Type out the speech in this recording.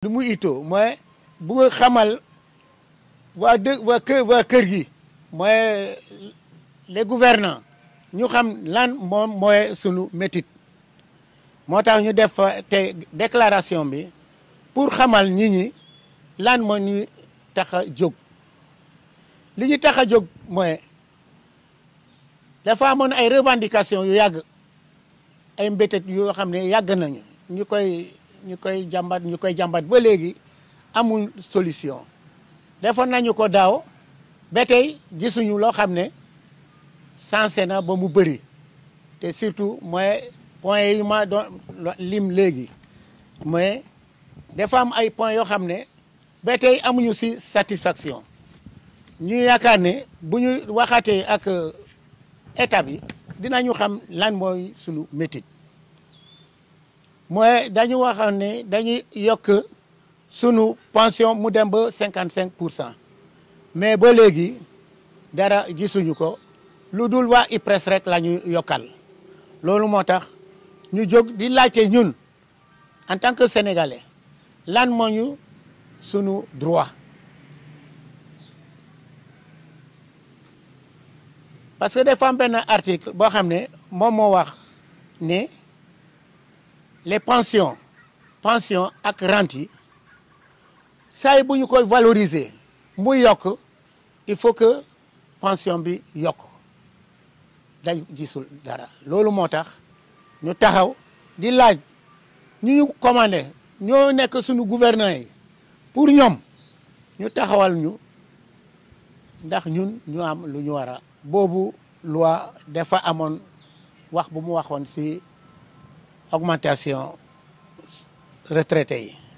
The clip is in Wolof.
lu mu itoo mooy bu nga xamal waa dë waa kër gi mooy les gouvernants ñu xam lan moom mooy sunu métit moo tax ñu def fa te déclaration bi pour xamal nit ñi lan moo ñu tax a jóg li ñu tax a jóg mooy dafa amoon ay revendication yu yàgg ay mbétat yoo xam ne yàgg nañu ñu koy ñu koy jàmbat ñu koy jàmbat ba léegi amul solution defoon nañu ko daaw ba tey gisuñu loo xam ne sensé na ba mu bëri te surtout mooy point yi ma doon lim léegi mais dafa am ay point yoo xam ne ba amuñu si satisfaction ñu yaakaar ne bu ñu waxatee ak état bi dinañu xam lan mooy sunu métit mooy dañu waxoon ne dañuy yokk sunu pension mu dem ba cinquante cinq pour cent mais ba léegi dara gisuñu ko lu dul waa IPRES rek la ñu yokkal loolu moo tax ñu jóg di laajte ñun en tant que sénégalais lan moo ñu sunu droit parce que dafa am benn article boo xam ne moom moo wax ne. les pensions pension ak rente yi saa bu ñu koy valoriser mu yokk il faut que pension bi yokk dañ gisul dara loolu moo tax ñu taxaw di laaj ñu ñu commandé ñoo nekk suñu gouvernants yi pour ñoom ñu taxawal ñu ndax ñun ñu am lu ñu war a boobu loi dafa amoon wax bu mu waxoon si augmentation retraités yi